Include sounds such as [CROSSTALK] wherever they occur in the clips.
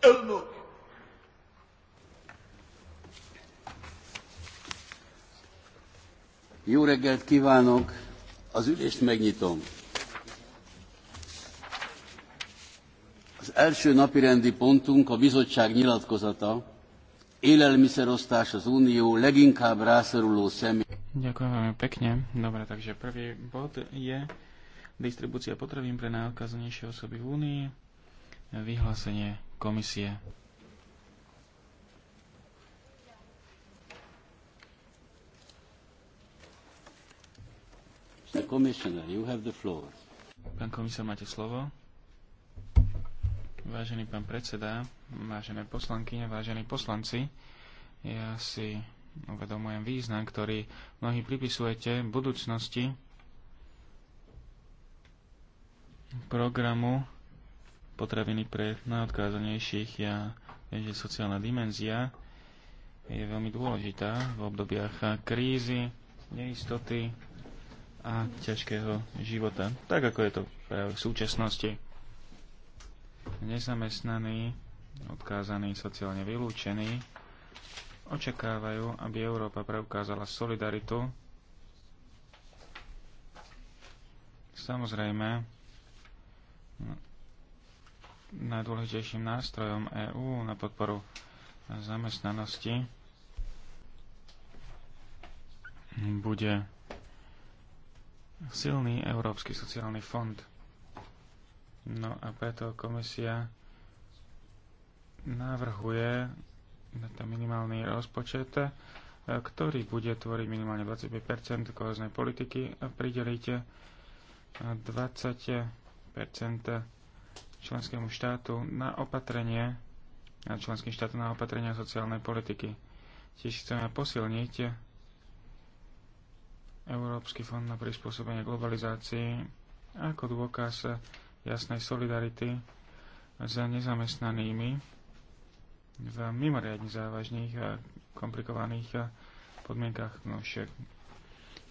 elnök! Jó reggelt kívánok! Az ülést megnyitom. Az első napi rendi pontunk a bizottság nyilatkozata. Élelmiszerosztás az Unió leginkább rászoruló személy. Ďakujem veľmi pekne. Dobre, takže prvý bod je distribúcia potravín pre najodkazanejšie osoby v Únii vyhlásenie komisie. Pán komisár, máte slovo. Vážený pán predseda, vážené poslankyne, vážení poslanci, ja si uvedomujem význam, ktorý mnohí pripisujete budúcnosti programu potraviny pre najodkázanejších. Ja viem, že sociálna dimenzia je veľmi dôležitá v obdobiach krízy, neistoty a ťažkého života. Tak ako je to práve v súčasnosti. Nezamestnaní, odkázaní, sociálne vylúčení očakávajú, aby Európa preukázala solidaritu. Samozrejme, najdôležitejším nástrojom EÚ na podporu zamestnanosti bude silný Európsky sociálny fond. No a preto komisia navrhuje na to minimálny rozpočet, e, ktorý bude tvoriť minimálne 25 kohoznej politiky a pridelíte 20 členskému štátu na opatrenie na členským štátom na opatrenia sociálnej politiky. Tiež chceme posilniť Európsky fond na prispôsobenie globalizácii ako dôkaz jasnej solidarity za nezamestnanými v mimoriadne závažných a komplikovaných podmienkach. No však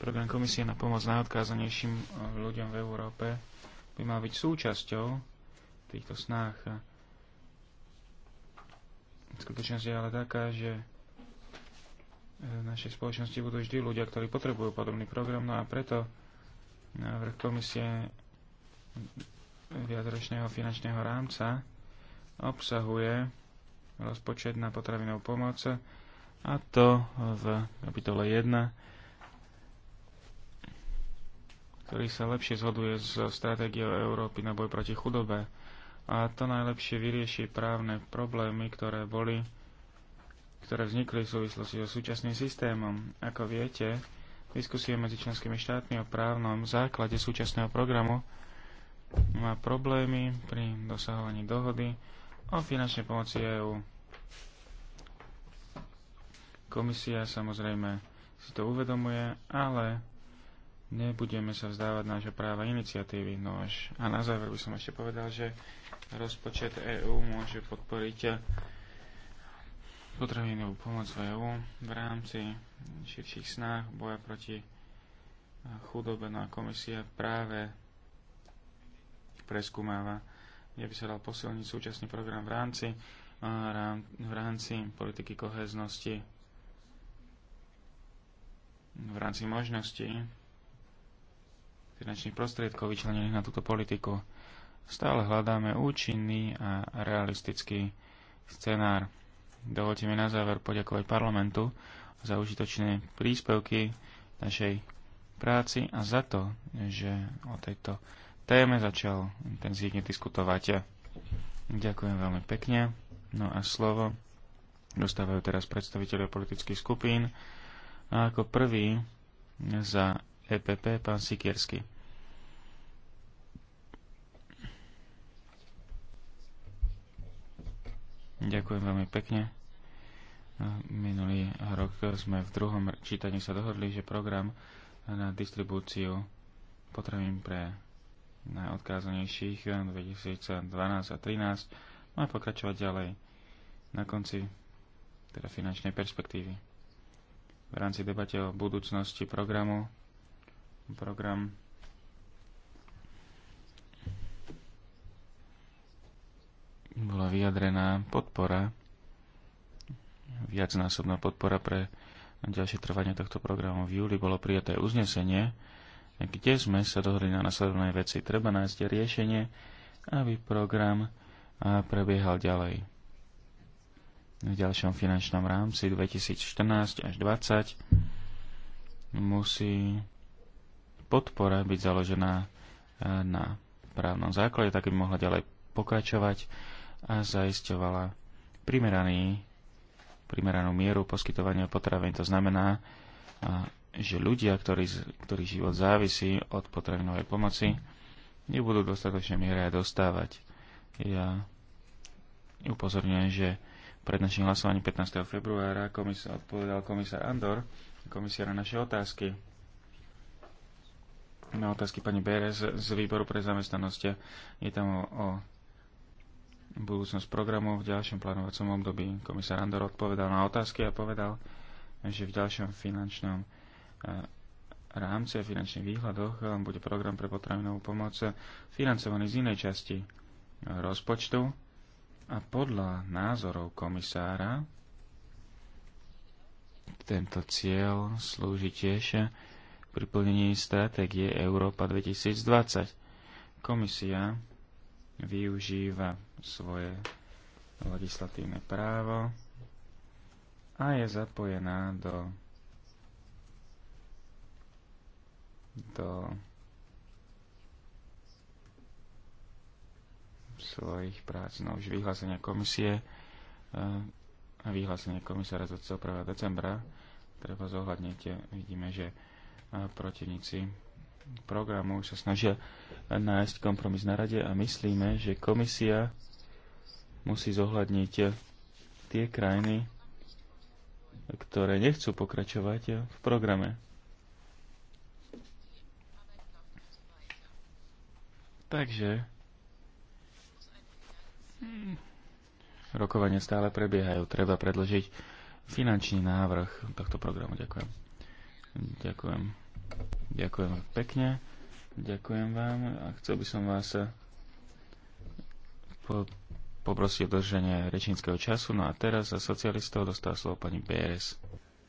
program Komisie na pomoc najodkázanejším ľuďom v Európe by mal byť súčasťou týchto snách. A skutočnosť je ale taká, že v našej spoločnosti budú vždy ľudia, ktorí potrebujú podobný program, no a preto návrh komisie viacročného finančného rámca obsahuje rozpočet na potravinovú pomoc a to v kapitole 1, ktorý sa lepšie zhoduje s stratégiou Európy na boj proti chudobe a to najlepšie vyrieši právne problémy, ktoré boli ktoré vznikli v súvislosti so súčasným systémom. Ako viete, diskusie medzi členskými štátmi o právnom základe súčasného programu má problémy pri dosahovaní dohody o finančnej pomoci EÚ. Komisia samozrejme si to uvedomuje, ale nebudeme sa vzdávať nášho práva iniciatívy. No až, a na záver by som ešte povedal, že rozpočet EÚ môže podporiť potravinovú pomoc v EÚ v rámci širších snách boja proti chudobe. No a komisia práve preskúmáva, kde by sa dal posilniť súčasný program v rámci, v rámci politiky koheznosti, v rámci možností finančných prostriedkov vyčlenených na túto politiku stále hľadáme účinný a realistický scenár. Dovolte mi na záver poďakovať parlamentu za užitočné príspevky našej práci a za to, že o tejto téme začal intenzívne diskutovať. Ďakujem veľmi pekne. No a slovo dostávajú teraz predstaviteľe politických skupín. A ako prvý za EPP pán Sikiersky. Ďakujem veľmi pekne. No, minulý rok sme v druhom čítaní sa dohodli, že program na distribúciu potravín pre najodkázanejších 2012 no, a 2013 má pokračovať ďalej na konci teda finančnej perspektívy. V rámci debate o budúcnosti programu program bola vyjadrená podpora, viacnásobná podpora pre ďalšie trvanie tohto programu. V júli bolo prijaté uznesenie, kde sme sa dohodli na nasledovnej veci. Treba nájsť riešenie, aby program prebiehal ďalej. V ďalšom finančnom rámci 2014 až 2020 musí podpora byť založená na právnom základe, tak by mohla ďalej pokračovať a zaisťovala primeraný, primeranú mieru poskytovania potravín. To znamená, že ľudia, ktorí, ktorí život závisí od potravinovej pomoci, nebudú v dostatočnej miere aj dostávať. Ja upozorňujem, že pred našim hlasovaním 15. februára komis- odpovedal komisár Andor, komisár na naše otázky. Na otázky pani Beres z výboru pre zamestnanosti Je tam o, o budúcnosť programu v ďalšom plánovacom období. Komisár Andor odpovedal na otázky a povedal, že v ďalšom finančnom eh, rámci a finančných výhľadoch eh, bude program pre potravinovú pomoc financovaný z inej časti rozpočtu a podľa názorov komisára tento cieľ slúži tiež pri plnení stratégie Európa 2020. Komisia využíva svoje legislatívne právo a je zapojená do, do svojich prác. No už vyhlásenie komisie a e, vyhlásenie komisára z 1. decembra treba zohľadniť. Vidíme, že e, protivníci programu sa snažia nájsť kompromis na rade a myslíme, že komisia musí zohľadniť tie krajiny, ktoré nechcú pokračovať v programe. Takže hm, rokovania stále prebiehajú. Treba predložiť finančný návrh tohto programu. Ďakujem. Ďakujem. Ďakujem pekne. Ďakujem vám a chcel by som vás eh, po, poprosiť o držanie rečníckého času. No a teraz za socialistov dostal slovo pani Pérez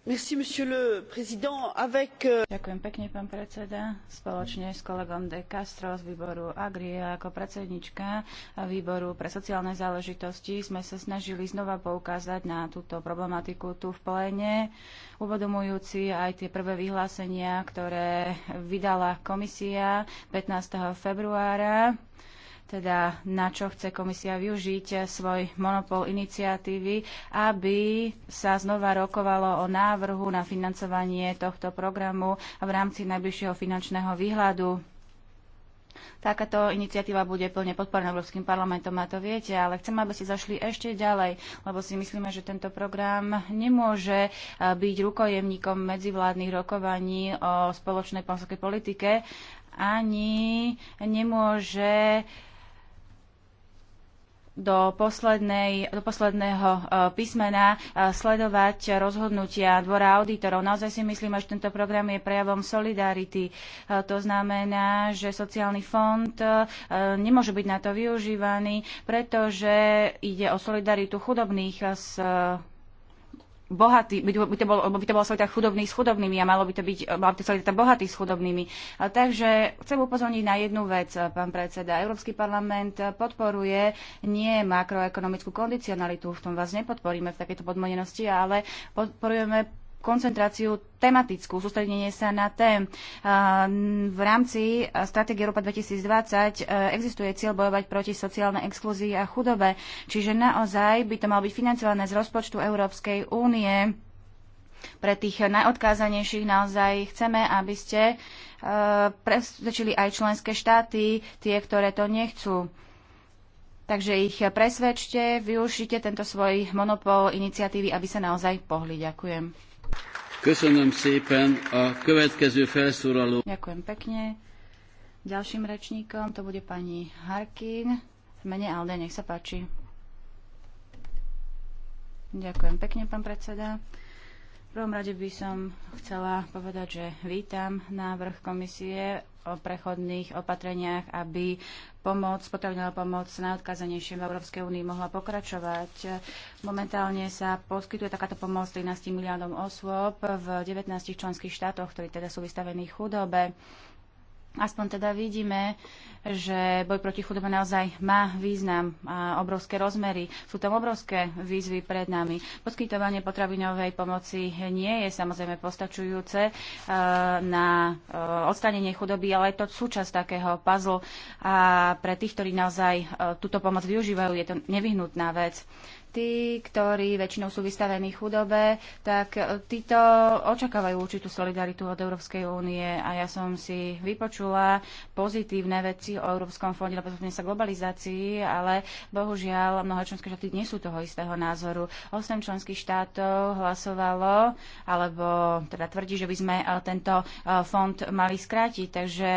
monsieur le président. Avec... Euh, Ďakujem pekne, pán predseda. Spoločne s kolegom De Castro z výboru Agri ako predsedníčka výboru pre sociálne záležitosti sme sa snažili znova poukázať na túto problematiku tu v pléne, uvedomujúci aj tie prvé vyhlásenia, ktoré vydala komisia 15. februára teda na čo chce komisia využiť svoj monopol iniciatívy, aby sa znova rokovalo o návrhu na financovanie tohto programu v rámci najbližšieho finančného výhľadu. Takáto iniciatíva bude plne podporená Európskym parlamentom, a to viete, ale chcem, aby ste zašli ešte ďalej, lebo si myslíme, že tento program nemôže e, byť rukojemníkom medzivládnych rokovaní o spoločnej pomorskej politike, ani nemôže do, poslednej, do posledného e, písmena e, sledovať rozhodnutia dvora auditorov. Naozaj si myslím, že tento program je prejavom solidarity. E, to znamená, že sociálny fond nemôže byť na to využívaný, pretože ide o solidaritu chudobných s bohatý, by, by, to bol, by to bola solidarita chudobný s chudobnými a malo by to byť, mala by to solidarita bohatý s chudobnými. takže chcem upozorniť na jednu vec, pán predseda. Európsky parlament podporuje nie makroekonomickú kondicionalitu, v tom vás nepodporíme v takejto podmodenosti, ale podporujeme koncentráciu tematickú, sústredenie sa na tém. V rámci stratégie Európa 2020 e, existuje cieľ bojovať proti sociálnej exklúzii a chudobe, čiže naozaj by to malo byť financované z rozpočtu Európskej únie. Pre tých najodkázanejších naozaj chceme, aby ste e, presvedčili aj členské štáty, tie, ktoré to nechcú. Takže ich presvedčte, využite tento svoj monopol iniciatívy, aby sa naozaj pohli. Ďakujem. Ďakujem pekne. Ďalším rečníkom to bude pani Harkin. V mene Alde, nech sa páči. Ďakujem pekne, pán predseda. V prvom rade by som chcela povedať, že vítam návrh komisie o prechodných opatreniach, aby pomoc, potravinová pomoc najodkázanejším v Európskej únii mohla pokračovať. Momentálne sa poskytuje takáto pomoc 13 miliónom osôb v 19 členských štátoch, ktorí teda sú vystavení chudobe aspoň teda vidíme, že boj proti chudobe naozaj má význam a obrovské rozmery. Sú tam obrovské výzvy pred nami. Poskytovanie potravinovej pomoci nie je samozrejme postačujúce e, na e, odstanenie chudoby, ale je to súčasť takého puzzle a pre tých, ktorí naozaj e, túto pomoc využívajú, je to nevyhnutná vec tí, ktorí väčšinou sú vystavení chudobe, tak e, títo očakávajú určitú solidaritu od Európskej únie a ja som si vypočula pozitívne veci o Európskom fonde lebo sa globalizácii, ale bohužiaľ mnohé členské štáty nie sú toho istého názoru. Osem členských štátov hlasovalo, alebo teda tvrdí, že by sme e, tento e, fond mali skrátiť, takže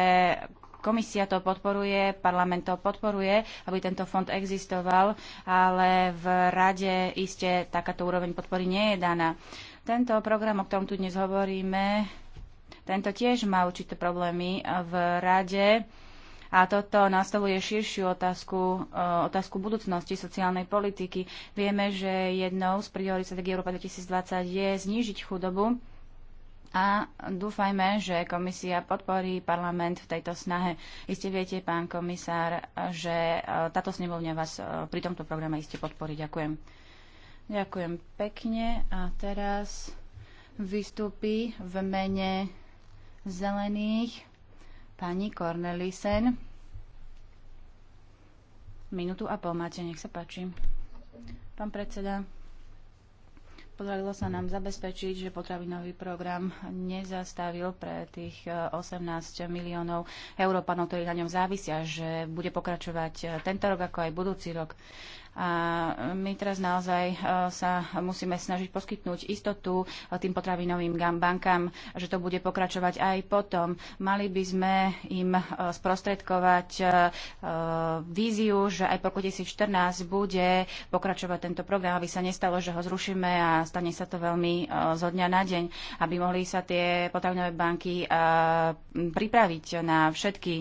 Komisia to podporuje, parlament to podporuje, aby tento fond existoval, ale v rade iste takáto úroveň podpory nie je daná. Tento program, o ktorom tu dnes hovoríme, tento tiež má určité problémy v rade. A toto nastavuje širšiu otázku, e, otázku budúcnosti sociálnej politiky. Vieme, že jednou z priorít strategie Európa 2020 je znížiť chudobu a dúfajme, že komisia podporí parlament v tejto snahe. Iste viete, pán komisár, že e, táto snemovňa vás e, pri tomto programe iste podporí. Ďakujem. Ďakujem pekne a teraz vystúpi v mene zelených pani Cornelisen. Minútu a pol máte, nech sa páči. Pán predseda. Podarilo sa nám zabezpečiť, že potravinový program nezastavil pre tých 18 e, miliónov Európanov, ktorí na ňom závisia, že bude pokračovať e, tento rok ako aj budúci rok. A my teraz naozaj e, sa musíme snažiť poskytnúť istotu e, tým potravinovým bankám, že to bude pokračovať aj potom. Mali by sme im e, sprostredkovať víziu, že aj po 2014 bude pokračovať tento program, aby sa nestalo, že ho zrušíme a stane sa to veľmi zo dňa na deň, aby mohli sa tie potravinové banky pripraviť na všetky,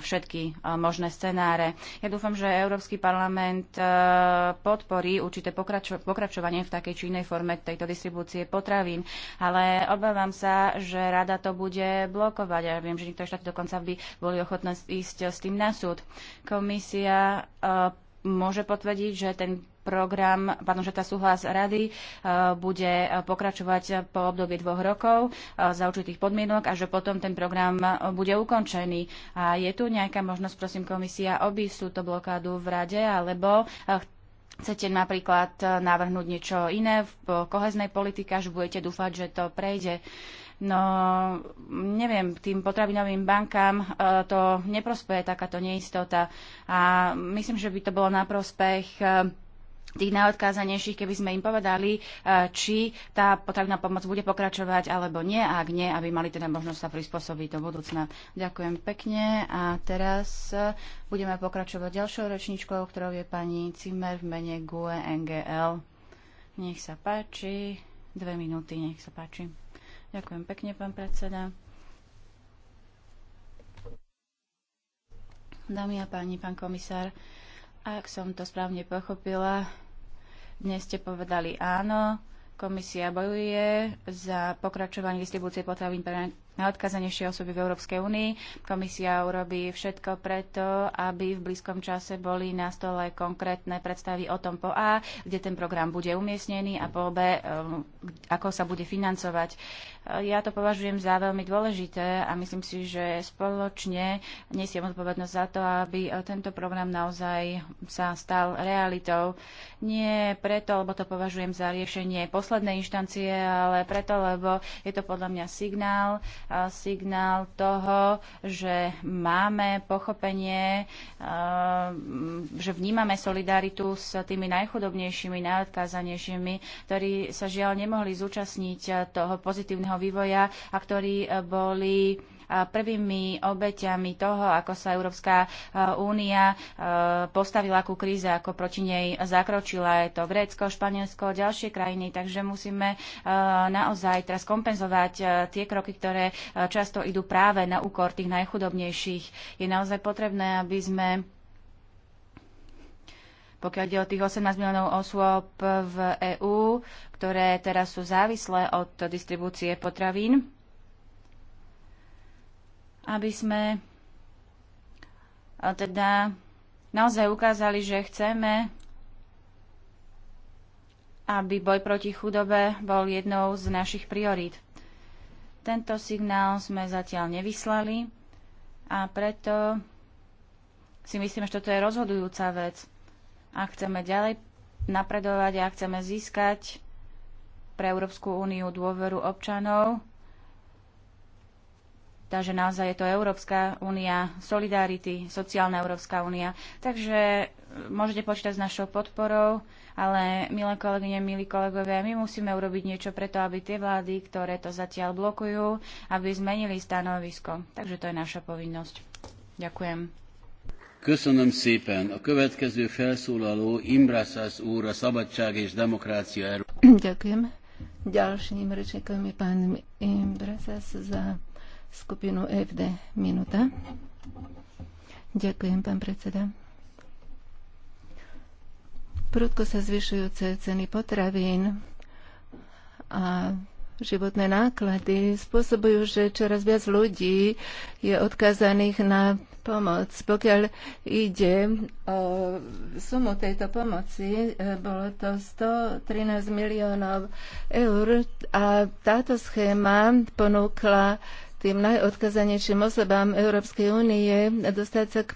všetky možné scenáre. Ja dúfam, že Európsky parlament podporí určité pokračo- pokračovanie v takej či inej forme tejto distribúcie potravín. Ale obávam sa, že rada to bude blokovať. Ja viem, že niektoré štáty dokonca by boli ochotné ísť s tým na súd. Komisia e, môže potvrdiť, že ten program, pán Žeta súhlas rady e, bude pokračovať po období dvoch rokov e, za určitých podmienok a že potom ten program bude ukončený. A je tu nejaká možnosť, prosím, komisia obísť túto blokádu v rade, alebo e, chcete napríklad navrhnúť niečo iné v koheznej politike, až budete dúfať, že to prejde. No, neviem, tým potravinovým bankám to neprospeje takáto neistota a myslím, že by to bolo na prospech tých najodkázanejších, keby sme im povedali, e, či tá potrebná pomoc bude pokračovať alebo nie, a ak nie, aby mali teda možnosť sa prispôsobiť do budúcna. Ďakujem pekne a teraz e, budeme pokračovať ďalšou rečničkou, ktorou je pani Cimer v mene GUE NGL. Nech sa páči, dve minúty, nech sa páči. Ďakujem pekne, pán predseda. Dámy a páni, pán komisár, ak som to správne pochopila, dnes ste povedali áno, komisia bojuje za pokračovanie distribúcie potravín pre najodkazanejšie osoby v Európskej únii. Komisia urobí všetko preto, aby v blízkom čase boli na stole konkrétne predstavy o tom po A, kde ten program bude umiestnený a po B, eh, ako sa bude financovať. Ja to považujem za veľmi dôležité a myslím si, že spoločne nesiem odpovednosť za to, aby tento program naozaj sa stal realitou. Nie preto, lebo to považujem za riešenie poslednej inštancie, ale preto, lebo je to podľa mňa signál, signál toho, že máme pochopenie, že vnímame solidaritu s tými najchudobnejšími, najodkázanejšími, ktorí sa žiaľ nemohli zúčastniť toho pozitívneho regionálneho vývoja a ktorí e, boli e, prvými obeťami toho, ako sa Európska e, únia postavila ku kríze, ako proti nej zakročila. Je to Grécko, Španielsko, ďalšie krajiny, takže musíme naozaj teraz kompenzovať tie kroky, ktoré často idú práve na úkor tých najchudobnejších. Je naozaj potrebné, aby sme pokiaľ ide o tých 18 miliónov osôb v EÚ, ktoré teraz sú závislé od distribúcie potravín, aby sme teda naozaj ukázali, že chceme, aby boj proti chudobe bol jednou z našich priorít. Tento signál sme zatiaľ nevyslali a preto si myslím, že toto je rozhodujúca vec a chceme ďalej napredovať a chceme získať pre Európsku úniu dôveru občanov. Takže naozaj je to Európska únia, Solidarity, sociálna Európska únia. Takže môžete počítať s našou podporou, ale milé kolegyne, milí kolegovia, my musíme urobiť niečo preto, aby tie vlády, ktoré to zatiaľ blokujú, aby zmenili stanovisko. Takže to je naša povinnosť. Ďakujem. Köszönöm szépen. A következő felszólaló úr a Szabadság és Demokrácia Erő. [COUGHS] Ďakujem. Ďalším rečníkom je pán Imbrasas za skupinu FD Minuta. Ďakujem, pán predseda. Prudko sa zvyšujúce ceny potravín a životné náklady spôsobujú, že čoraz viac ľudí je odkazaných na pomoc. Pokiaľ ide o sumu tejto pomoci, e, bolo to 113 miliónov eur a táto schéma ponúkla tým najodkazanejším osobám Európskej únie dostať sa k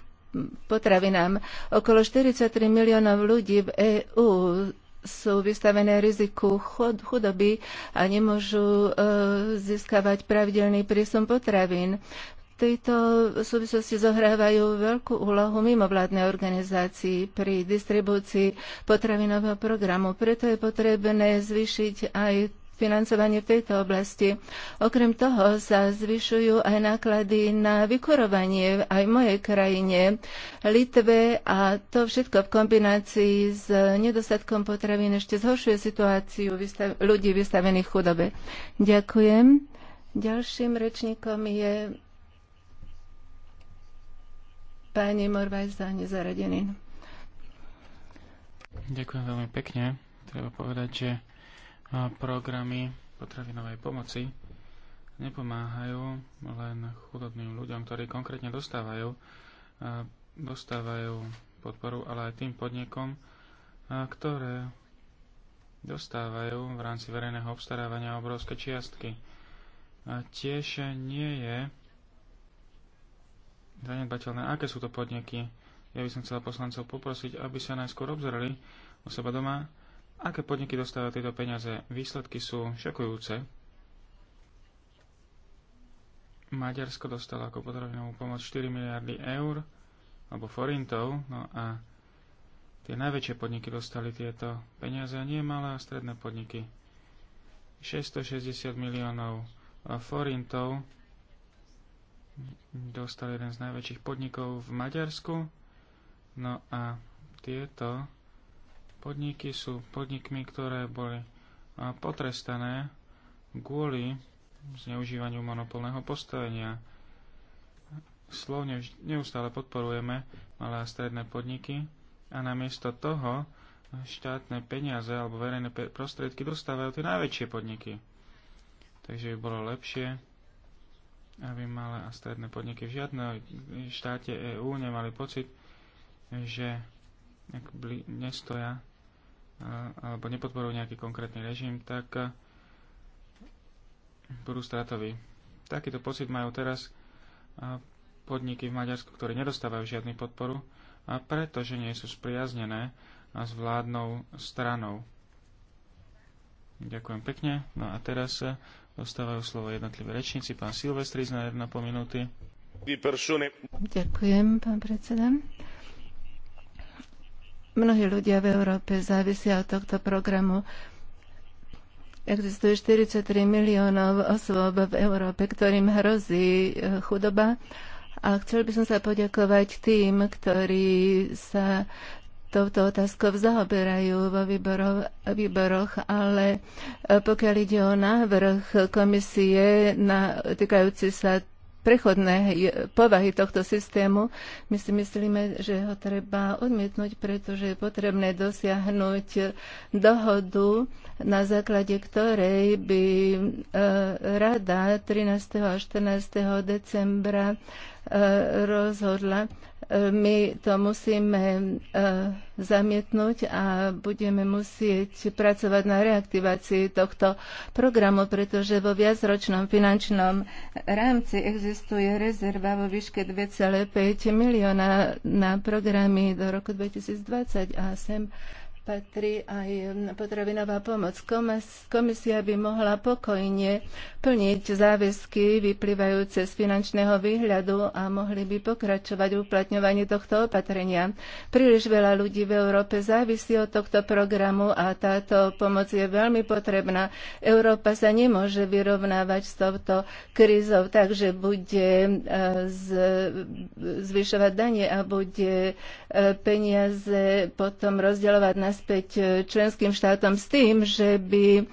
potravinám. Okolo 43 miliónov ľudí v EÚ sú vystavené riziku chudoby a nemôžu e, získavať pravidelný prísom potravín tejto súvislosti zohrávajú veľkú úlohu mimovládne organizácii pri distribúcii potravinového programu. Preto je potrebné zvýšiť aj financovanie v tejto oblasti. Okrem toho sa zvyšujú aj náklady na vykurovanie aj v mojej krajine Litve a to všetko v kombinácii s nedostatkom potravín ešte zhoršuje situáciu vystav- ľudí vystavených chudobe. Ďakujem. Ďalším rečníkom je pani Morvajza, nezaradený. Ďakujem veľmi pekne. Treba povedať, že programy potravinovej pomoci nepomáhajú len chudobným ľuďom, ktorí konkrétne dostávajú, dostávajú podporu, ale aj tým podnikom, ktoré dostávajú v rámci verejného obstarávania obrovské čiastky. A tiež nie je zanedbateľné, aké sú to podniky. Ja by som chcela poslancov poprosiť, aby sa najskôr obzreli u seba doma Aké podniky dostávajú tieto peniaze? Výsledky sú šokujúce. Maďarsko dostalo ako potravinovú pomoc 4 miliardy eur alebo forintov, no a tie najväčšie podniky dostali tieto peniaze a nie malé a stredné podniky. 660 miliónov eh, forintov dostal jeden z najväčších podnikov v Maďarsku, no a tieto Podniky sú podnikmi, ktoré boli potrestané kvôli zneužívaniu monopolného postavenia. Slovne neustále podporujeme malé a stredné podniky a namiesto toho štátne peniaze alebo verejné prostriedky dostávajú tie najväčšie podniky. Takže by bolo lepšie, aby malé a stredné podniky v žiadnej štáte EÚ nemali pocit, že nestoja alebo nepodporujú nejaký konkrétny režim, tak e, budú stratoví. Takýto pocit majú teraz e, podniky v Maďarsku, ktoré nedostávajú žiadnu podporu, a pretože nie sú spriaznené s vládnou stranou. Ďakujem pekne. No a teraz e, dostávajú slovo jednotliví rečníci. Pán Silvestri na po minúty. Ďakujem, pán predseda. Mnohí ľudia v Európe závisia od tohto programu. Existuje 43 miliónov osôb v Európe, ktorým hrozí e, chudoba. A chcel by som sa poďakovať tým, ktorí sa touto otázkou zaoberajú vo výborov, výboroch, ale e, pokiaľ ide o návrh komisie na, týkajúci sa prechodné povahy tohto systému. My si myslíme, že ho treba odmietnúť, pretože je potrebné dosiahnuť dohodu, na základe ktorej by e, Rada 13. a 14. decembra rozhodla. My to musíme e, zamietnúť a budeme musieť pracovať na reaktivácii tohto programu, pretože vo viacročnom finančnom rámci existuje rezerva vo výške 2,5 milióna na programy do roku 2020 a sem patrí aj potravinová pomoc. Komisia by mohla pokojne plniť záväzky vyplývajúce z finančného výhľadu a mohli by pokračovať v uplatňovaní tohto opatrenia. Príliš veľa ľudí v Európe závisí od tohto programu a táto pomoc je veľmi potrebná. Európa sa nemôže vyrovnávať s touto krízou, takže bude e, zvyšovať danie a bude e, peniaze potom rozdielovať na naspäť e, členským štátom s tým, že by e,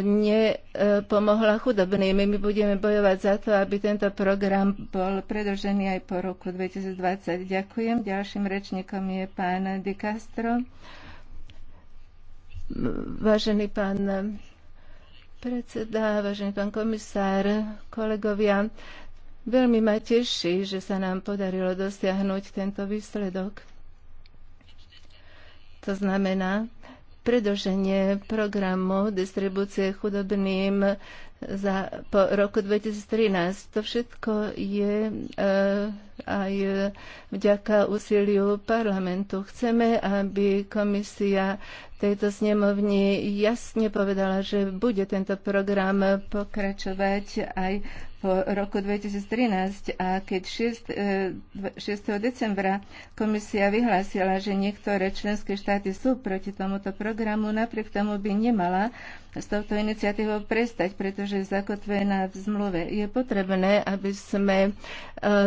nepomohla chudobným. My budeme bojovať za to, aby tento program bol predlžený aj po roku 2020. Ďakujem. Ďalším rečníkom je pán Di Castro. Vážený pán predseda, vážený pán komisár, kolegovia, veľmi ma teší, že sa nám podarilo dosiahnuť tento výsledok to znamená predlženie programu distribúcie chudobným za, po roku 2013. To všetko je e, aj vďaka úsiliu parlamentu. Chceme, aby komisia tejto snemovni jasne povedala, že bude tento program pokračovať aj v roku 2013 a keď 6, 6. E, decembra komisia vyhlásila, že niektoré členské štáty sú proti tomuto programu, napriek tomu by nemala s touto iniciatívou prestať, pretože je zakotvená v zmluve. Je potrebné, aby sme e,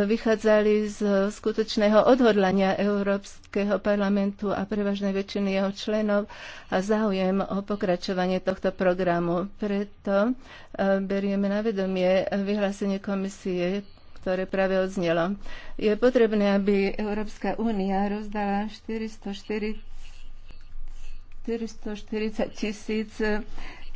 vychádzali z skutočného odhodlania Európskeho parlamentu a prevažnej väčšiny jeho členov a záujem o pokračovanie tohto programu. Preto e, berieme na vedomie vyhlásenie komisie ktoré práve odznelo. Je potrebné, aby Európska únia rozdala 440 440 tisíc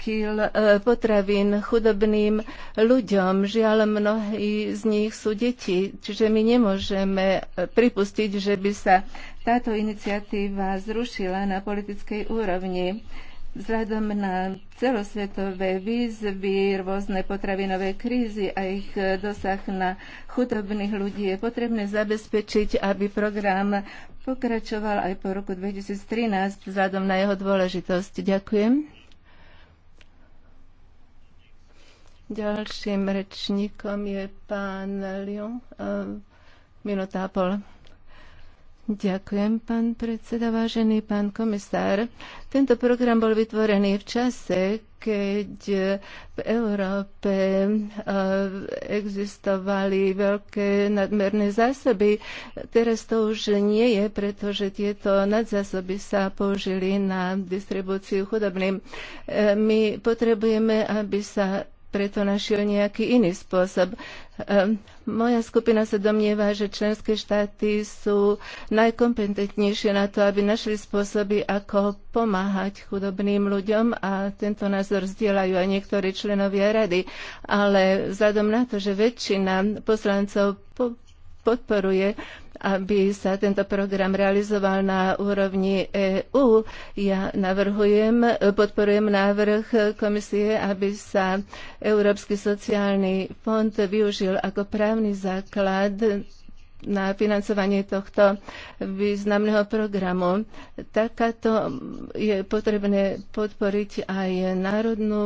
kil e, potravín chudobným ľuďom. Žiaľ, mnohí z nich sú deti, čiže my nemôžeme pripustiť, že by sa táto iniciatíva zrušila na politickej úrovni. Vzhľadom na celosvetové výzvy, rôzne potravinové krízy a ich dosah na chudobných ľudí je potrebné zabezpečiť, aby program pokračoval aj po roku 2013 vzhľadom na jeho dôležitosť. Ďakujem. Ďalším rečníkom je pán Lyon eh, Minúta a pol. Ďakujem, pán predseda, vážený pán komisár. Tento program bol vytvorený v čase, keď v Európe eh, existovali veľké nadmerné zásoby. Teraz to už nie je, pretože tieto nadzásoby sa použili na distribúciu chudobným. Eh, my potrebujeme, aby sa preto našiel nejaký iný spôsob. Ehm, moja skupina sa domnieva, že členské štáty sú najkompetentnejšie na to, aby našli spôsoby, ako pomáhať chudobným ľuďom a tento názor zdieľajú aj niektorí členovia rady. Ale vzhľadom na to, že väčšina poslancov po podporuje, aby sa tento program realizoval na úrovni EÚ. Ja navrhujem, podporujem návrh komisie, aby sa Európsky sociálny fond využil ako právny základ na financovanie tohto významného programu. Takáto je potrebné podporiť aj národnú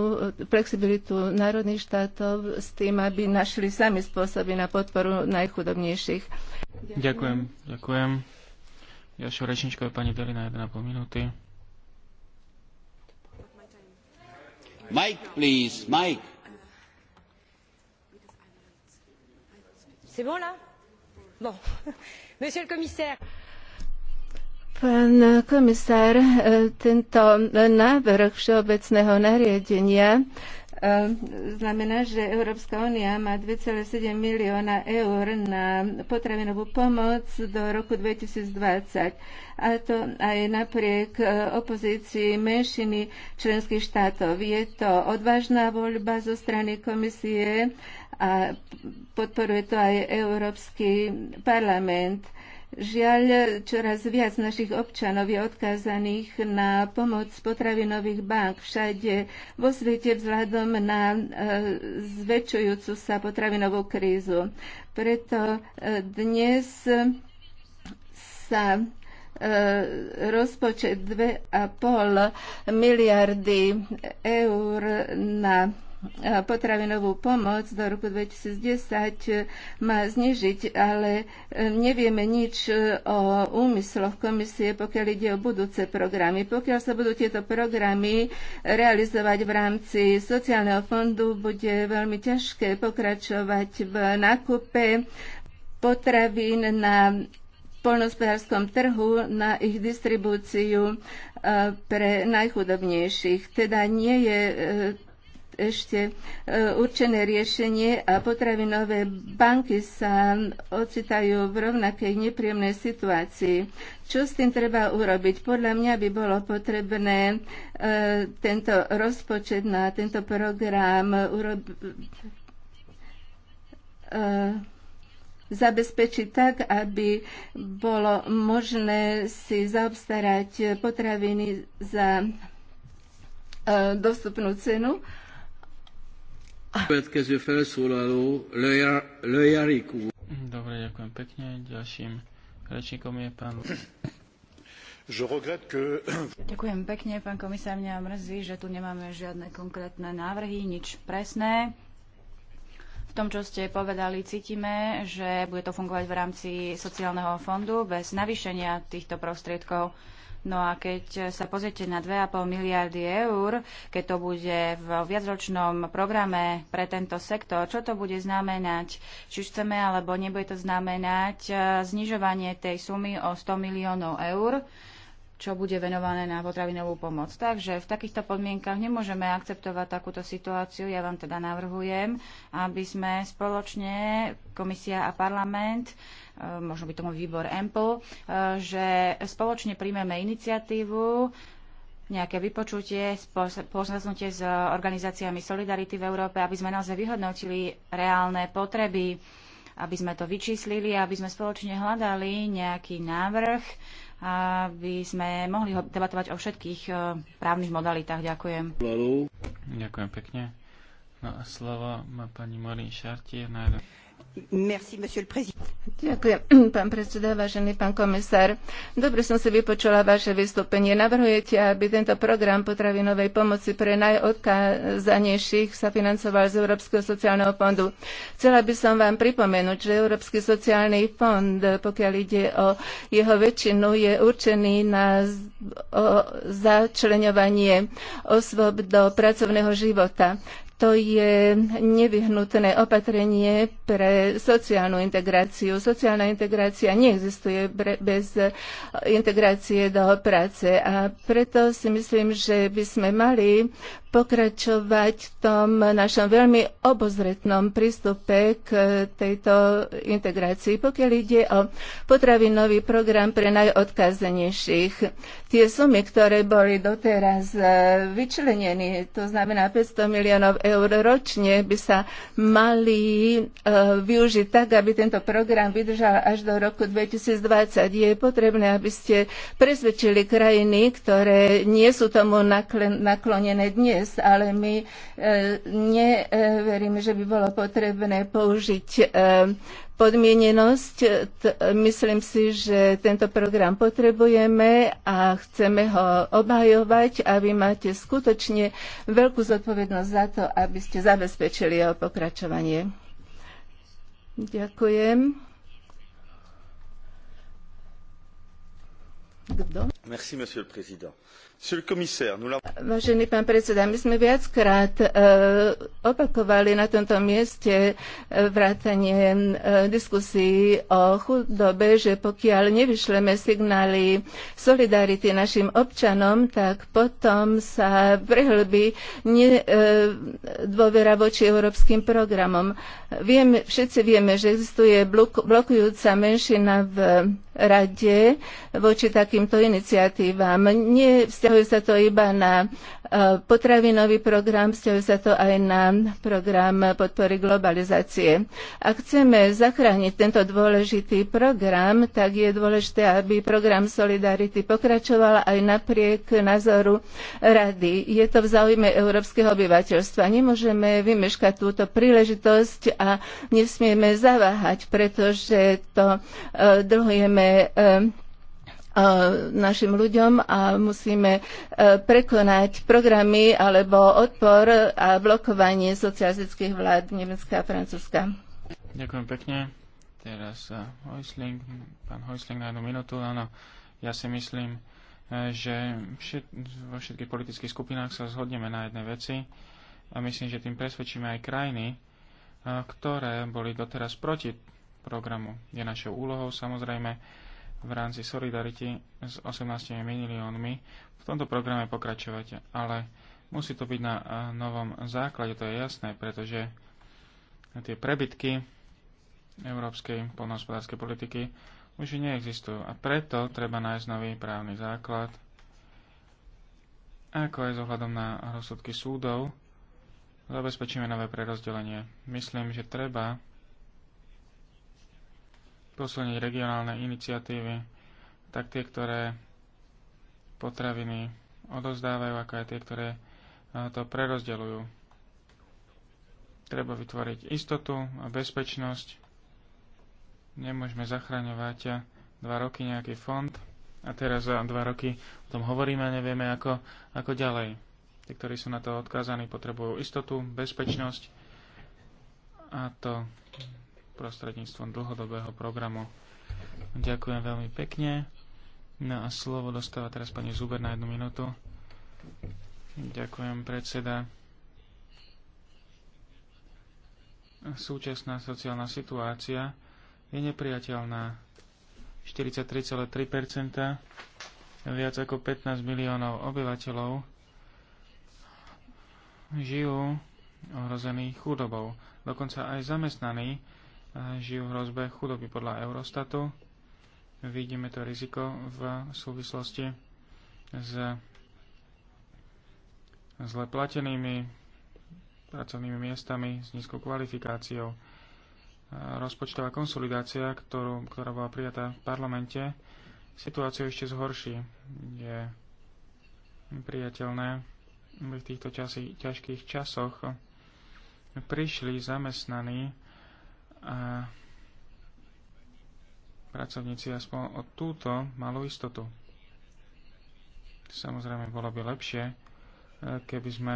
flexibilitu národných štátov s tým, aby našli sami spôsoby na podporu najchudobnejších. Ďakujem. Ďakujem. Ďalšia rečnička je pani Delina 1,5 minúty. Mike, please, Mike. C'est bon là [LAUGHS] Monsieur le commissaire, Pán komisár, e, tento návrh všeobecného nariadenia e, znamená, že Európska únia má 2,7 milióna eur na potravinovú pomoc do roku twenty A to aj napriek e, opozícii menšiny členských štátov. Je to odvážna voľba zo strany komisie a podporuje to aj Európsky parlament. Žiaľ, čoraz viac našich občanov je odkázaných na pomoc potravinových bank všade vo svete vzhľadom na e, zväčšujúcu sa potravinovú krízu. Preto e, dnes sa e, rozpočet 2,5 miliardy eur na potravinovú pomoc do roku 2010 má znižiť, ale e, nevieme nič e, o úmysloch komisie, pokiaľ ide o budúce programy. Pokiaľ sa budú tieto programy realizovať v rámci sociálneho fondu, bude veľmi ťažké pokračovať v nákupe potravín na poľnohospodárskom trhu na ich distribúciu e, pre najchudobnejších. Teda nie je ešte e, určené riešenie a potravinové banky sa ocitajú v rovnakej nepríjemnej situácii. Čo s tým treba urobiť? Podľa mňa by bolo potrebné e, tento rozpočet na tento program e, zabezpečiť tak, aby bolo možné si zaobstarať potraviny za dostupnú cenu Dobre, ďakujem pekne. Ďalším rečníkom je pán... Ďakujem pekne, pán komisár. Mňa mrzí, že tu nemáme žiadne konkrétne návrhy, nič presné. V tom, čo ste povedali, cítime, že bude to fungovať v rámci sociálneho fondu bez navýšenia týchto prostriedkov. No a keď sa pozriete na 2,5 miliardy eur, keď to bude v viacročnom programe pre tento sektor, čo to bude znamenať? Či už chceme alebo nebude to znamenať eh, znižovanie tej sumy o 100 miliónov eur? čo bude venované na potravinovú pomoc. Takže v takýchto podmienkach nemôžeme akceptovať takúto situáciu. Ja vám teda navrhujem, aby sme spoločne, komisia a parlament, e, možno by tomu výbor EMPL, e, že spoločne príjmeme iniciatívu, nejaké vypočutie, poznaznutie s organizáciami Solidarity v Európe, aby sme naozaj vyhodnotili reálne potreby, aby sme to vyčíslili, aby sme spoločne hľadali nejaký návrh, aby sme mohli debatovať o všetkých e, právnych modalitách. Ďakujem. Ďakujem pekne. No a slovo má pani Morin Šartier. Na... Ďakujem, [CLEARS THROAT] pán predseda, vážený pán komisár. Dobre som si vypočula vaše vystúpenie. Navrhujete, aby tento program potravinovej pomoci pre najodkázanejších sa financoval z Európskeho sociálneho fondu. Chcela by som vám pripomenúť, že Európsky sociálny fond, pokiaľ ide o jeho väčšinu, je určený na začleňovanie osôb do pracovného života. To je nevyhnutné opatrenie pre sociálnu integráciu. Sociálna integrácia neexistuje bez integrácie do práce a preto si myslím, že by sme mali pokračovať v tom našom veľmi obozretnom prístupe k tejto integrácii, pokiaľ ide o potravinový program pre najodkazenejších. Tie sumy, ktoré boli doteraz eh, vyčlenené, to znamená 500 miliónov eur ročne by sa mali e, využiť tak, aby tento program vydržal až do roku 2020. Je potrebné, aby ste presvedčili krajiny, ktoré nie sú tomu naklonené dnes, ale my e, neveríme, že by bolo potrebné použiť e, podmienenosť. Myslím si, že tento program potrebujeme a chceme ho obhajovať a vy máte skutočne veľkú zodpovednosť za to, aby ste zabezpečili jeho pokračovanie. Ďakujem. Kto? Merci, monsieur le président. Vážený pán predseda, my sme viackrát e, opakovali na tomto mieste e, vrátanie e, diskusí o chudobe, že pokiaľ nevyšleme signály solidarity našim občanom, tak potom sa prehlbí dôvera voči európskym programom. všetci vieme, že existuje blokujúca menšina v rade voči takýmto iniciatívam. Nie Vzťahuje sa to iba na e, potravinový program, vzťahuje sa to aj na program podpory globalizácie. Ak chceme zachrániť tento dôležitý program, tak je dôležité, aby program Solidarity pokračoval aj napriek názoru rady. Je to v záujme európskeho obyvateľstva. Nemôžeme vymeškať túto príležitosť a nesmieme zaváhať, pretože to e, dlhujeme e, E, našim ľuďom a musíme e, prekonať programy alebo odpor a blokovanie socialistických vlád Nemecka a Francúzska. Ďakujem pekne. Teraz e, Hojsling, pán Hojsling na jednu minútu. Áno, ja si myslím, že všet, vo všetkých politických skupinách sa zhodneme na jednej veci a myslím, že tým presvedčíme aj krajiny, ktoré boli doteraz proti programu. Je našou úlohou samozrejme v rámci Solidarity s 18 miliónmi v tomto programe pokračovať, ale musí to byť na eh, novom základe, to je jasné, pretože tie prebytky európskej polnohospodárskej politiky už neexistujú a preto treba nájsť nový právny základ, ako aj zohľadom na rozsudky súdov, zabezpečíme nové prerozdelenie. Myslím, že treba posilniť regionálne iniciatívy, tak tie, ktoré potraviny odozdávajú, ako aj tie, ktoré to prerozdeľujú. Treba vytvoriť istotu a bezpečnosť. Nemôžeme zachraňovať dva roky nejaký fond a teraz za dva roky o tom hovoríme a nevieme, ako, ako ďalej. Tí, ktorí sú na to odkázaní, potrebujú istotu, bezpečnosť a to prostredníctvom dlhodobého programu. Ďakujem veľmi pekne. No a slovo dostáva teraz pani Zuber na jednu minútu. Ďakujem, predseda. Súčasná sociálna situácia je nepriateľná. 43,3% viac ako 15 miliónov obyvateľov žijú ohrozených chudobou. Dokonca aj zamestnaní žijú v hrozbe chudoby podľa Eurostatu. Vidíme to riziko v súvislosti s zle platenými pracovnými miestami s nízkou kvalifikáciou. Rozpočtová konsolidácia, ktorú, ktorá bola prijatá v parlamente, situáciu ešte zhorší. Je priateľné v týchto časi, ťažkých časoch prišli zamestnaní a pracovníci aspoň o túto malú istotu. Samozrejme, bolo by lepšie, e, keby sme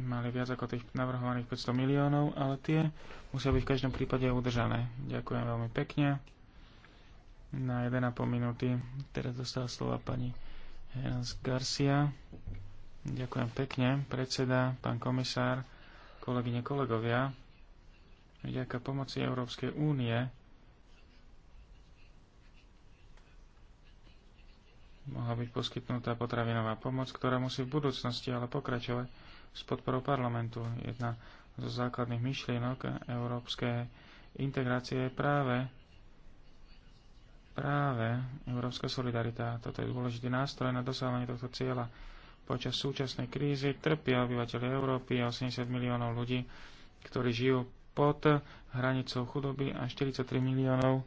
mali viac ako tých navrhovaných 500 miliónov, ale tie musia byť v každom prípade udržané. Ďakujem veľmi pekne. Na 1,5 minúty teraz dostala slova pani Hans Garcia. Ďakujem pekne, predseda, pán komisár, kolegyne, kolegovia vďaka pomoci Európskej únie mohla byť poskytnutá potravinová pomoc, ktorá musí v budúcnosti ale pokračovať s podporou parlamentu. Jedna zo základných myšlienok európskej integrácie je práve, práve európska solidarita. Toto je dôležitý nástroj na dosávanie tohto cieľa. Počas súčasnej krízy trpia obyvateľi Európy a 80 miliónov ľudí, ktorí žijú pod hranicou chudoby a 43 miliónov,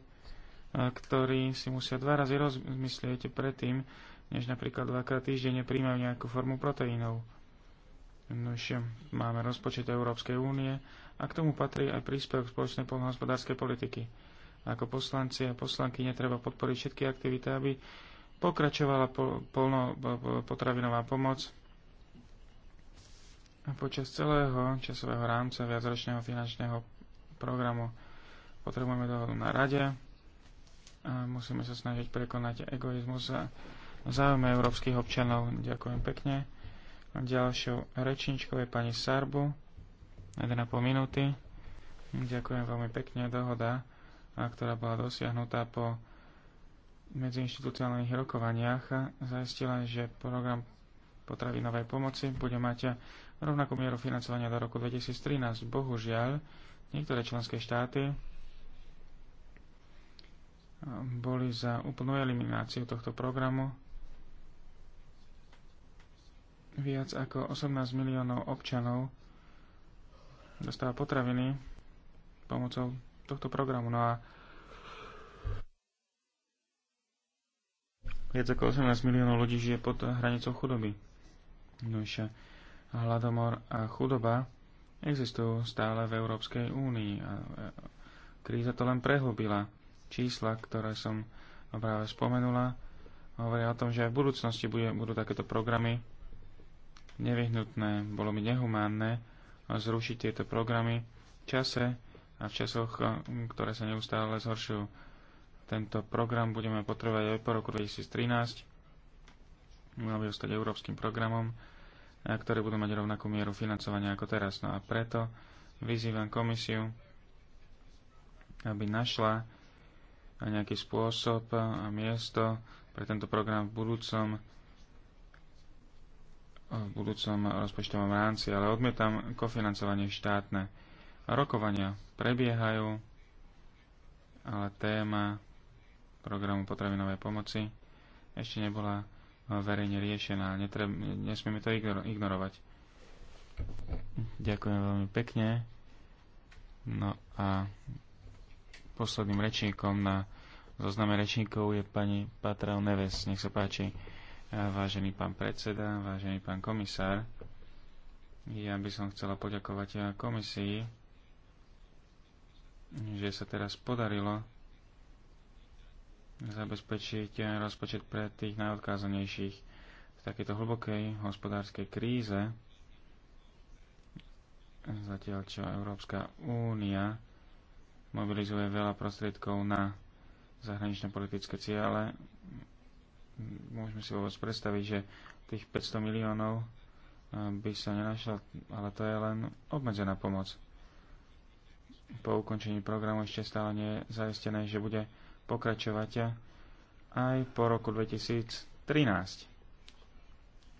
e, ktorí si musia dva razy rozmyslieť predtým, než napríklad dvakrát týždenne príjmajú nejakú formu proteínov. ešte máme rozpočet Európskej únie a k tomu patrí aj príspevok spoločnej poľnohospodárskej politiky. Ako poslanci a poslanky netreba podporiť všetky aktivity, aby pokračovala polno, potravinová pomoc, Počas celého časového rámca viacročného finančného programu potrebujeme dohodu na rade a musíme sa snažiť prekonať egoizmus a záujme európskych občanov. Ďakujem pekne. Ďalšou rečničkou je pani Sarbu. 1,5 minúty. Ďakujem veľmi pekne. Dohoda, ktorá bola dosiahnutá po medziinstitucionálnych rokovaniach, zaistila, že program potravinovej pomoci bude mať rovnakú mieru financovania do roku 2013. Bohužiaľ, niektoré členské štáty eh, boli za úplnú elimináciu tohto programu. Viac ako 18 miliónov občanov dostáva potraviny pomocou tohto programu. No a viac ako 18 miliónov ľudí žije pod hranicou chudoby. No ešte hladomor a chudoba existujú stále v Európskej únii a e, kríza to len prehlbila. Čísla, ktoré som práve spomenula, hovoria o tom, že aj v budúcnosti bude, budú takéto programy nevyhnutné. Bolo mi nehumánne zrušiť tieto programy v čase a v časoch, e, ktoré sa neustále zhoršujú. Tento program budeme potrebovať aj po roku 2013. Mal by ostať európskym programom ktoré budú mať rovnakú mieru financovania ako teraz. No a preto vyzývam komisiu, aby našla nejaký spôsob a miesto pre tento program v budúcom v budúcom rozpočtovom rámci, ale odmietam kofinancovanie štátne. Rokovania prebiehajú, ale téma programu potravinovej pomoci ešte nebola verejne riešená. Netreb, nesmieme to ignorovať. Ďakujem veľmi pekne. No a posledným rečníkom na zozname rečníkov je pani Patrao Neves. Nech sa páči, vážený pán predseda, vážený pán komisár. Ja by som chcela poďakovať komisii, že sa teraz podarilo zabezpečiť rozpočet pre tých najodkázanejších. V takejto hlbokej hospodárskej kríze, zatiaľ čo Európska únia mobilizuje veľa prostriedkov na zahraničné politické ciele, môžeme si vôbec predstaviť, že tých 500 miliónov eh, by sa nenašlo, ale to je len obmedzená pomoc. Po ukončení programu ešte stále nie je zaistené, že bude pokračovať aj po roku 2013.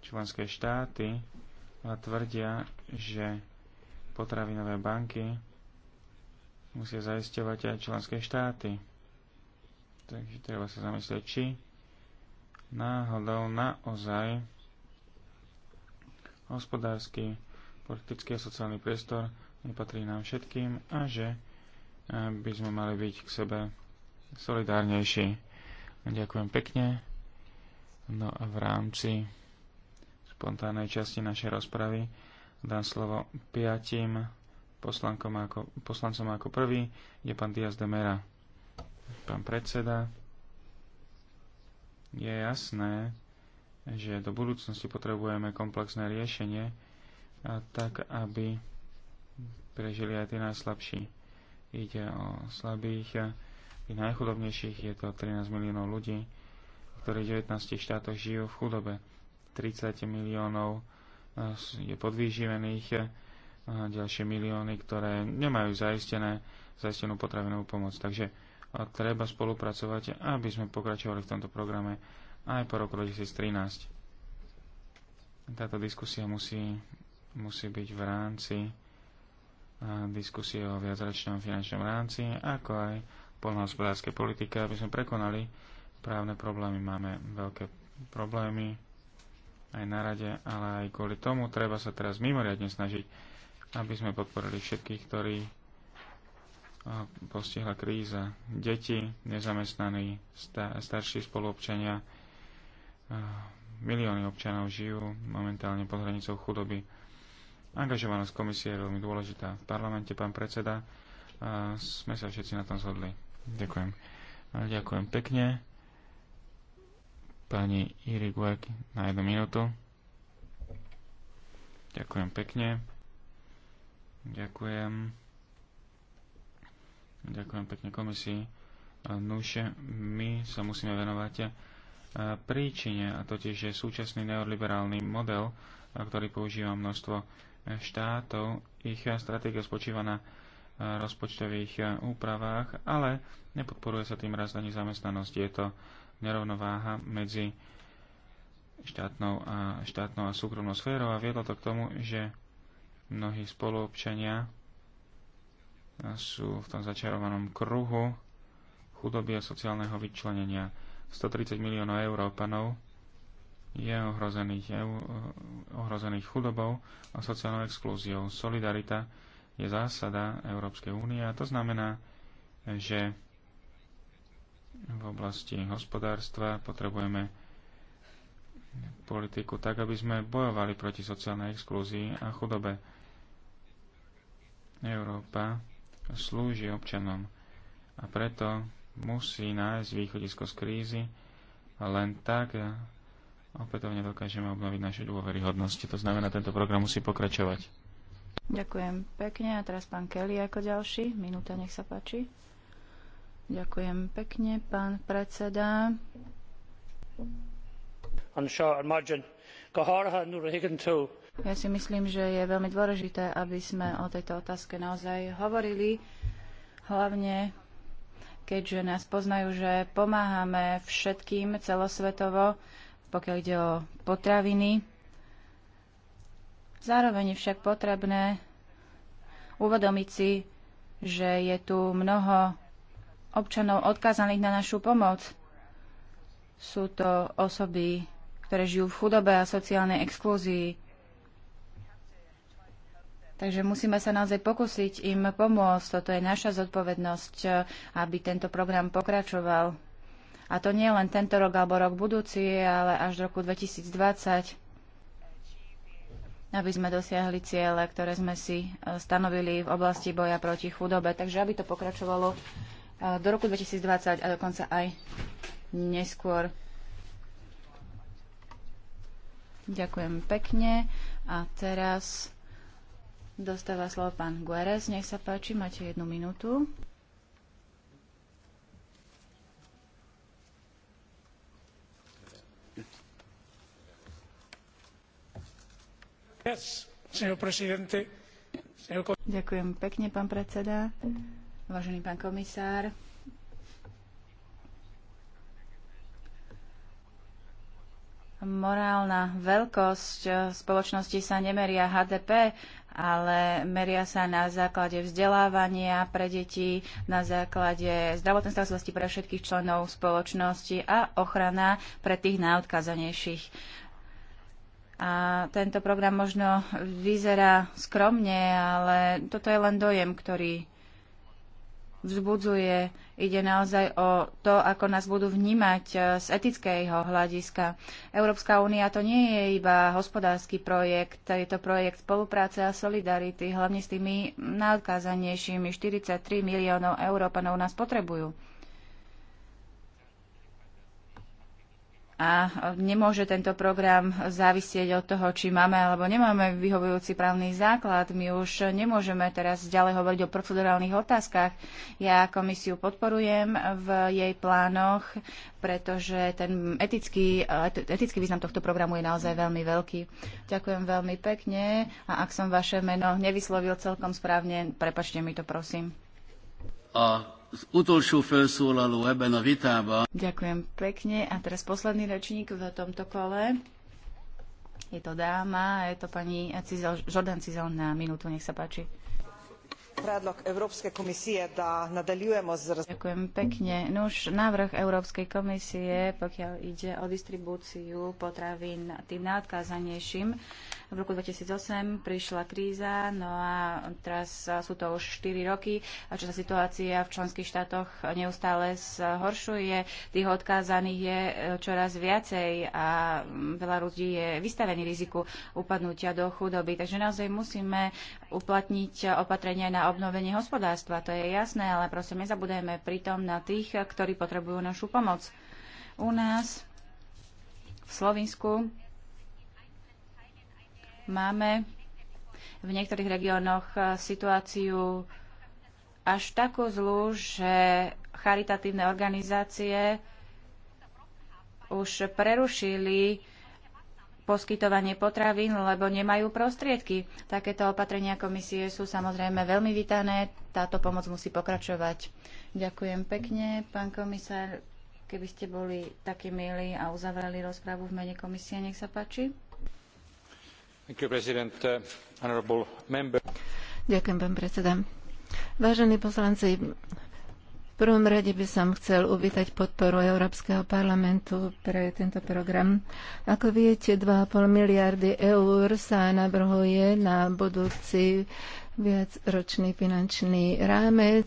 Členské štáty tvrdia, že potravinové banky musia zaisťovať aj členské štáty. Takže treba sa zamyslieť, či náhodou naozaj hospodársky, politický a sociálny priestor nepatrí nám všetkým a že eh, by sme mali byť k sebe solidárnejší. Ďakujem pekne. No a v rámci spontánnej časti našej rozpravy dám slovo piatim ako, poslancom ako prvý, je pán Diaz de Mera. Pán predseda, je jasné, že do budúcnosti potrebujeme komplexné riešenie, a tak aby prežili aj tí najslabší. Ide o slabých tých najchudobnejších je to 13 miliónov ľudí, ktorí v 19 štátoch žijú v chudobe. 30 miliónov eh, je podvýživených, eh, a ďalšie milióny, ktoré nemajú zaistené, zaistenú potravinovú pomoc. Takže treba spolupracovať, aby sme pokračovali v tomto programe aj po roku 2013. Táto diskusia musí, musí byť v rámci diskusie o viacračnom finančnom rámci, ako aj poľnohospodárskej politike, aby sme prekonali právne problémy. Máme veľké problémy aj na rade, ale aj kvôli tomu treba sa teraz mimoriadne snažiť, aby sme podporili všetkých, ktorí eh, postihla kríza. Deti, nezamestnaní, starší spoluobčania, eh, milióny občanov žijú momentálne pod hranicou chudoby. Angažovanosť komisie je veľmi dôležitá. V parlamente, pán predseda, eh, sme sa všetci na tom zhodli. Ďakujem. Ďakujem pekne. Pani Iriguek na jednu minútu. Ďakujem pekne. Ďakujem. Ďakujem pekne komisii. Nuž, my sa musíme venovať príčine, a totiž je súčasný neoliberálny model, ktorý používa množstvo e, štátov. Ich stratégia spočíva na rozpočtových eh, úpravách, ale nepodporuje sa tým rast ani zamestnanosť. Je to nerovnováha medzi štátnou a, štátnou a súkromnou sférou a viedlo to k tomu, že mnohí spoluobčania eh, sú v tom začarovanom kruhu chudoby a sociálneho vyčlenenia. 130 miliónov Európanov je ohrozených, eh, ohrozených chudobou a sociálnou exklúziou. Solidarita je zásada Európskej únie a to znamená, že v oblasti hospodárstva potrebujeme politiku tak, aby sme bojovali proti sociálnej exklúzii a chudobe. Európa slúži občanom a preto musí nájsť východisko z krízy a len tak opätovne dokážeme obnoviť naše dôveryhodnosti. To znamená, tento program musí pokračovať. Ďakujem pekne. A teraz pán Kelly ako ďalší. Minúta, nech sa páči. Ďakujem pekne, pán predseda. Ja si myslím, že je veľmi dôležité, aby sme o tejto otázke naozaj hovorili, hlavne keďže nás poznajú, že pomáhame všetkým celosvetovo, pokiaľ ide o potraviny Zároveň je však potrebné uvedomiť si, že je tu mnoho občanov odkázaných na našu pomoc. Sú to osoby, ktoré žijú v chudobe a sociálnej exklúzii. Takže musíme sa naozaj pokúsiť im pomôcť. Toto je naša zodpovednosť, aby tento program pokračoval. A to nie len tento rok alebo rok budúci, ale až do roku 2020 aby sme dosiahli ciele, ktoré sme si e, stanovili v oblasti boja proti chudobe. Takže aby to pokračovalo e, do roku 2020 a dokonca aj neskôr. Ďakujem pekne. A teraz dostáva slovo pán Guerres. Nech sa páči, máte jednu minútu. Ďakujem pekne, pán predseda. Vážený pán komisár. Morálna veľkosť spoločnosti sa nemeria HDP, ale meria sa na základe vzdelávania pre deti, na základe zdravotnej starostlivosti pre všetkých členov spoločnosti a ochrana pre tých najodkázanejších. A tento program možno vyzerá skromne, ale toto je len dojem, ktorý vzbudzuje. Ide naozaj o to, ako nás budú vnímať e, z etického hľadiska. Európska únia to nie je iba hospodársky projekt, je to projekt spolupráce a solidarity, hlavne s tými najodkázanejšími. 43 miliónov Európanov nás potrebujú. a nemôže tento program závisieť od toho, či máme alebo nemáme vyhovujúci právny základ. My už nemôžeme teraz ďalej hovoriť o procedurálnych otázkach. Ja komisiu podporujem v jej plánoch, pretože ten etický, etický význam tohto programu je naozaj veľmi veľký. Ďakujem veľmi pekne a ak som vaše meno nevyslovil celkom správne, prepačte mi to prosím. A utolsó felszólaló ebben a vitában. Ďakujem pekne. A teraz posledný rečník v tomto kole. Je to dáma, je to pani Cizel, Jordan Cizel na minútu, nech sa páči predlog Európskej komisie da nadaljujemo z... Ďakujem pekne. Nuž, návrh Európskej komisie, pokiaľ ide o distribúciu potravín tým najodkázanejším, v roku 2008 prišla kríza, no a teraz sú to už 4 roky, a čo sa situácia v členských štátoch neustále zhoršuje. Tých odkázaných je eh, čoraz viacej a mm, veľa ľudí je vystavený riziku upadnutia do chudoby. Takže naozaj musíme uplatniť opatrenia na obnovenie hospodárstva, to je jasné, ale prosím, nezabudajme pritom na tých, ktorí potrebujú našu pomoc. U nás v Slovensku máme v niektorých regiónoch eh, situáciu až takú zlú, že charitatívne organizácie už prerušili poskytovanie potravín, lebo nemajú prostriedky. Takéto opatrenia komisie sú samozrejme veľmi vítané. Táto pomoc musí pokračovať. Ďakujem pekne, pán komisár. Keby ste boli takí milí a uzavreli rozprávu v mene komisie, nech sa páči. You, uh, Ďakujem, pán predseda. Vážení poslanci, prvom rade by som chcel uvítať podporu Európskeho parlamentu pre tento program. Ako viete, 2,5 miliardy eur sa navrhuje na budúci viacročný finančný rámec.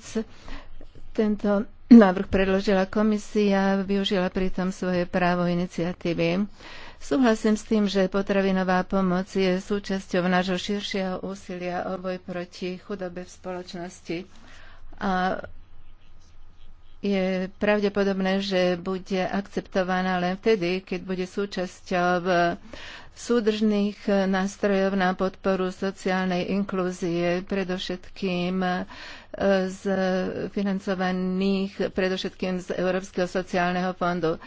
Tento návrh predložila komisia, využila pritom svoje právo iniciatívy. Súhlasím s tým, že potravinová pomoc je súčasťou nášho širšieho úsilia o boj proti chudobe v spoločnosti. A je pravdepodobné, že bude akceptovaná len vtedy, keď bude súčasťou eh, súdržných eh, nástrojov na podporu sociálnej inklúzie, predovšetkým eh, z financovaných predovšetkým z Európskeho sociálneho fondu.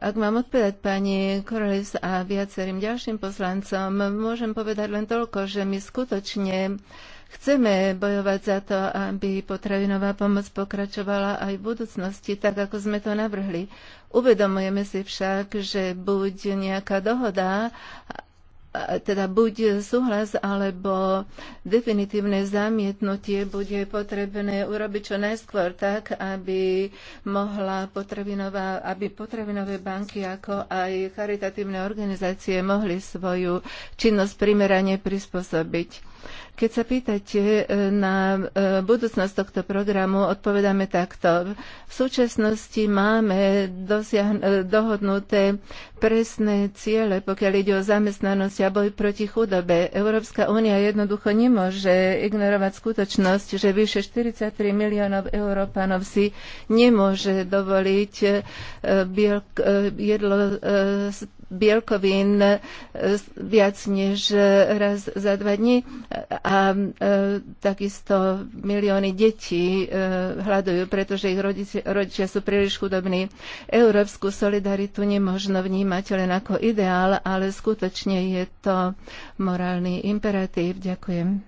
Ak mám odpovedať pani Korolis a viacerým ďalším poslancom, môžem povedať len toľko, že my skutočne Chceme bojovať za to, aby potravinová pomoc pokračovala aj v budúcnosti, tak ako sme to navrhli. Uvedomujeme si však, že buď nejaká dohoda, teda buď súhlas alebo definitívne zamietnutie bude potrebné urobiť čo najskôr tak, aby mohla potravinová, aby potravinové banky ako aj charitatívne organizácie mohli svoju činnosť primerane prispôsobiť. Keď sa pýtate e, na e, budúcnosť tohto programu, odpovedáme takto. V súčasnosti máme e, dohodnuté presné ciele, pokiaľ ide o zamestnanosť a boj proti chudobe. Európska únia jednoducho nemôže ignorovať skutočnosť, že vyše 43 miliónov Európanov si nemôže dovoliť jedlo bielkovín e, viac než e, raz za dva dní a e, takisto milióny detí hľadujú, pretože ich rodičia, rodičia sú príliš chudobní. Európsku solidaritu nemožno vnímať len ako ideál, ale skutočne je to morálny imperatív. Ďakujem.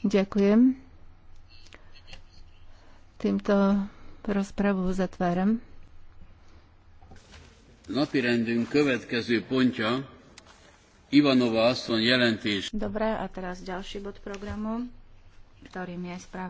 Ďakujem. Týmto rozpravu zatváram. Napirendünk következő pontja Ivanova asszony jelentés. Dobre, a teraz ďalší bod programu, ktorým je správa.